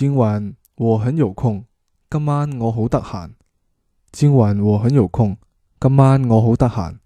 今晚我很有空，今晚我好得閒。今晚我很有空，今晚我好得閒。